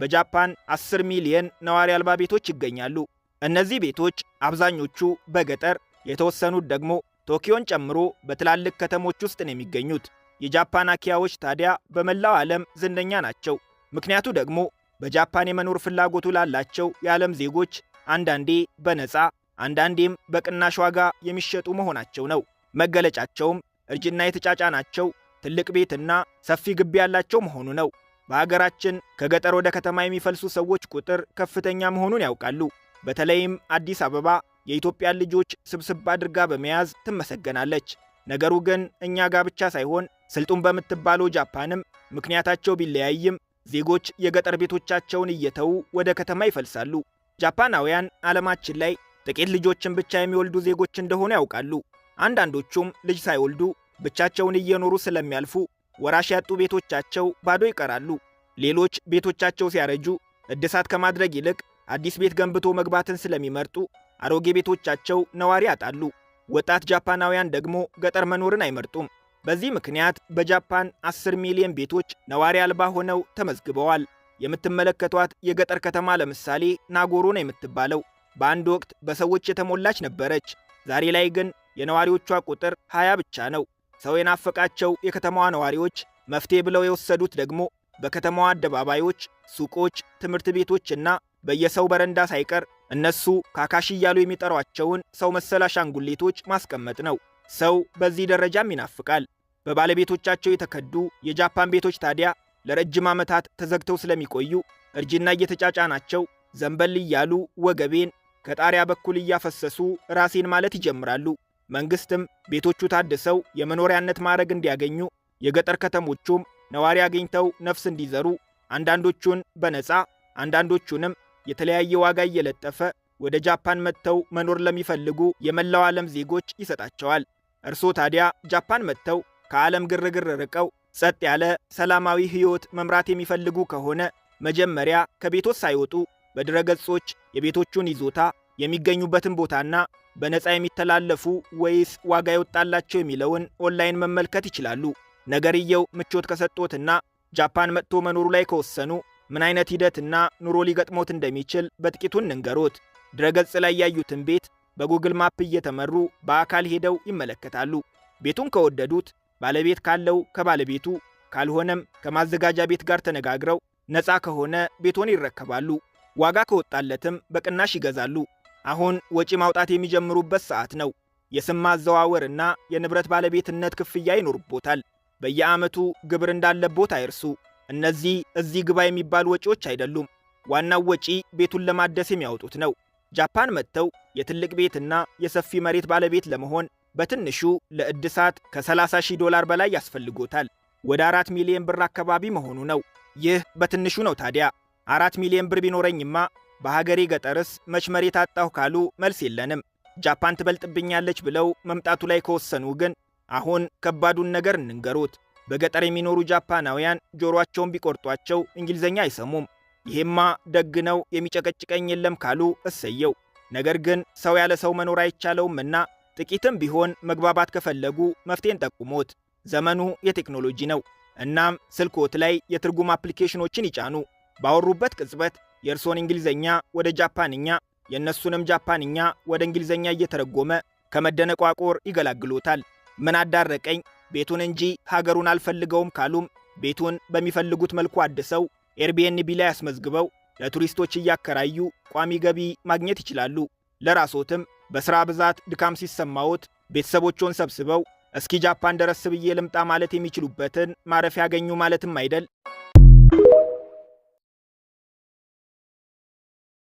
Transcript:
በጃፓን 10 ሚሊየን ነዋሪ አልባ ቤቶች ይገኛሉ። እነዚህ ቤቶች አብዛኞቹ በገጠር የተወሰኑት ደግሞ ቶኪዮን ጨምሮ በትላልቅ ከተሞች ውስጥ ነው የሚገኙት። የጃፓን አኪያዎች ታዲያ በመላው ዓለም ዝነኛ ናቸው። ምክንያቱ ደግሞ በጃፓን የመኖር ፍላጎቱ ላላቸው የዓለም ዜጎች አንዳንዴ በነፃ አንዳንዴም በቅናሽ ዋጋ የሚሸጡ መሆናቸው ነው። መገለጫቸውም እርጅና የተጫጫናቸው ትልቅ ቤትና ሰፊ ግቢ ያላቸው መሆኑ ነው። በአገራችን ከገጠር ወደ ከተማ የሚፈልሱ ሰዎች ቁጥር ከፍተኛ መሆኑን ያውቃሉ። በተለይም አዲስ አበባ የኢትዮጵያን ልጆች ስብስብ አድርጋ በመያዝ ትመሰገናለች። ነገሩ ግን እኛ ጋር ብቻ ሳይሆን ስልጡን በምትባለው ጃፓንም ምክንያታቸው ቢለያይም ዜጎች የገጠር ቤቶቻቸውን እየተዉ ወደ ከተማ ይፈልሳሉ። ጃፓናውያን ዓለማችን ላይ ጥቂት ልጆችን ብቻ የሚወልዱ ዜጎች እንደሆኑ ያውቃሉ። አንዳንዶቹም ልጅ ሳይወልዱ ብቻቸውን እየኖሩ ስለሚያልፉ ወራሽ ያጡ ቤቶቻቸው ባዶ ይቀራሉ። ሌሎች ቤቶቻቸው ሲያረጁ እድሳት ከማድረግ ይልቅ አዲስ ቤት ገንብቶ መግባትን ስለሚመርጡ አሮጌ ቤቶቻቸው ነዋሪ ያጣሉ። ወጣት ጃፓናውያን ደግሞ ገጠር መኖርን አይመርጡም። በዚህ ምክንያት በጃፓን 10 ሚሊዮን ቤቶች ነዋሪ አልባ ሆነው ተመዝግበዋል። የምትመለከቷት የገጠር ከተማ ለምሳሌ ናጎሮ ነው የምትባለው። በአንድ ወቅት በሰዎች የተሞላች ነበረች። ዛሬ ላይ ግን የነዋሪዎቿ ቁጥር 20 ብቻ ነው። ሰው የናፈቃቸው የከተማዋ ነዋሪዎች መፍትሄ ብለው የወሰዱት ደግሞ በከተማዋ አደባባዮች፣ ሱቆች፣ ትምህርት ቤቶችና በየሰው በረንዳ ሳይቀር እነሱ ካካሽ እያሉ የሚጠሯቸውን ሰው መሰል አሻንጉሊቶች ማስቀመጥ ነው። ሰው በዚህ ደረጃም ይናፍቃል። በባለቤቶቻቸው የተከዱ የጃፓን ቤቶች ታዲያ ለረጅም ዓመታት ተዘግተው ስለሚቆዩ እርጅና እየተጫጫናቸው ዘንበል እያሉ ወገቤን ከጣሪያ በኩል እያፈሰሱ ራሴን ማለት ይጀምራሉ። መንግስትም ቤቶቹ ታድሰው የመኖሪያነት ማዕረግ እንዲያገኙ፣ የገጠር ከተሞቹም ነዋሪ አግኝተው ነፍስ እንዲዘሩ አንዳንዶቹን በነፃ አንዳንዶቹንም የተለያየ ዋጋ እየለጠፈ ወደ ጃፓን መጥተው መኖር ለሚፈልጉ የመላው ዓለም ዜጎች ይሰጣቸዋል። እርስዎ ታዲያ ጃፓን መጥተው ከዓለም ግርግር ርቀው ጸጥ ያለ ሰላማዊ ሕይወት መምራት የሚፈልጉ ከሆነ መጀመሪያ ከቤቶች ሳይወጡ በድረገጾች ገጾች የቤቶቹን ይዞታ የሚገኙበትን ቦታና በነፃ የሚተላለፉ ወይስ ዋጋ የወጣላቸው የሚለውን ኦንላይን መመልከት ይችላሉ። ነገርየው ምቾት ከሰጦትና ጃፓን መጥቶ መኖሩ ላይ ከወሰኑ ምን አይነት ሂደትና ኑሮ ሊገጥሞት እንደሚችል በጥቂቱን እንገሮት። ድረገጽ ላይ ያዩትን ቤት በጉግል ማፕ እየተመሩ በአካል ሄደው ይመለከታሉ። ቤቱን ከወደዱት ባለቤት ካለው ከባለቤቱ ካልሆነም ከማዘጋጃ ቤት ጋር ተነጋግረው ነፃ ከሆነ ቤቶን ይረከባሉ። ዋጋ ከወጣለትም በቅናሽ ይገዛሉ። አሁን ወጪ ማውጣት የሚጀምሩበት ሰዓት ነው። የስም ማዘዋወርና የንብረት ባለቤትነት ክፍያ ይኖርቦታል። በየዓመቱ ግብር እንዳለቦት አይርሱ። እነዚህ እዚህ ግባ የሚባሉ ወጪዎች አይደሉም። ዋናው ወጪ ቤቱን ለማደስ የሚያወጡት ነው። ጃፓን መጥተው የትልቅ ቤትና የሰፊ መሬት ባለቤት ለመሆን በትንሹ ለእድሳት ከ30 ሺህ ዶላር በላይ ያስፈልጎታል። ወደ አራት ሚሊዮን ብር አካባቢ መሆኑ ነው። ይህ በትንሹ ነው። ታዲያ አራት ሚሊዮን ብር ቢኖረኝማ በሀገሬ ገጠርስ መች መሬት አጣሁ ካሉ መልስ የለንም። ጃፓን ትበልጥብኛለች ብለው መምጣቱ ላይ ከወሰኑ ግን አሁን ከባዱን ነገር እንንገሩት። በገጠር የሚኖሩ ጃፓናውያን ጆሮአቸውን ቢቆርጧቸው እንግሊዝኛ አይሰሙም። ይሄማ ደግ ነው የሚጨቀጭቀኝ የለም ካሉ እሰየው። ነገር ግን ሰው ያለ ሰው መኖር አይቻለውምና ጥቂትም ቢሆን መግባባት ከፈለጉ መፍትሄን ጠቁሞት። ዘመኑ የቴክኖሎጂ ነው። እናም ስልኮት ላይ የትርጉም አፕሊኬሽኖችን ይጫኑ። ባወሩበት ቅጽበት የእርሶን እንግሊዘኛ ወደ ጃፓንኛ የእነሱንም ጃፓንኛ ወደ እንግሊዘኛ እየተረጎመ ከመደነቋቆር ይገላግሎታል። ምን አዳረቀኝ፣ ቤቱን እንጂ ሀገሩን አልፈልገውም ካሉም ቤቱን በሚፈልጉት መልኩ አድሰው ኤርቢኤንቢ ላይ አስመዝግበው ለቱሪስቶች እያከራዩ ቋሚ ገቢ ማግኘት ይችላሉ። ለራሶትም በሥራ ብዛት ድካም ሲሰማዎት ቤተሰቦችን ሰብስበው እስኪ ጃፓን ደረስ ብዬ ልምጣ ማለት የሚችሉበትን ማረፊያ ያገኙ ማለትም አይደል?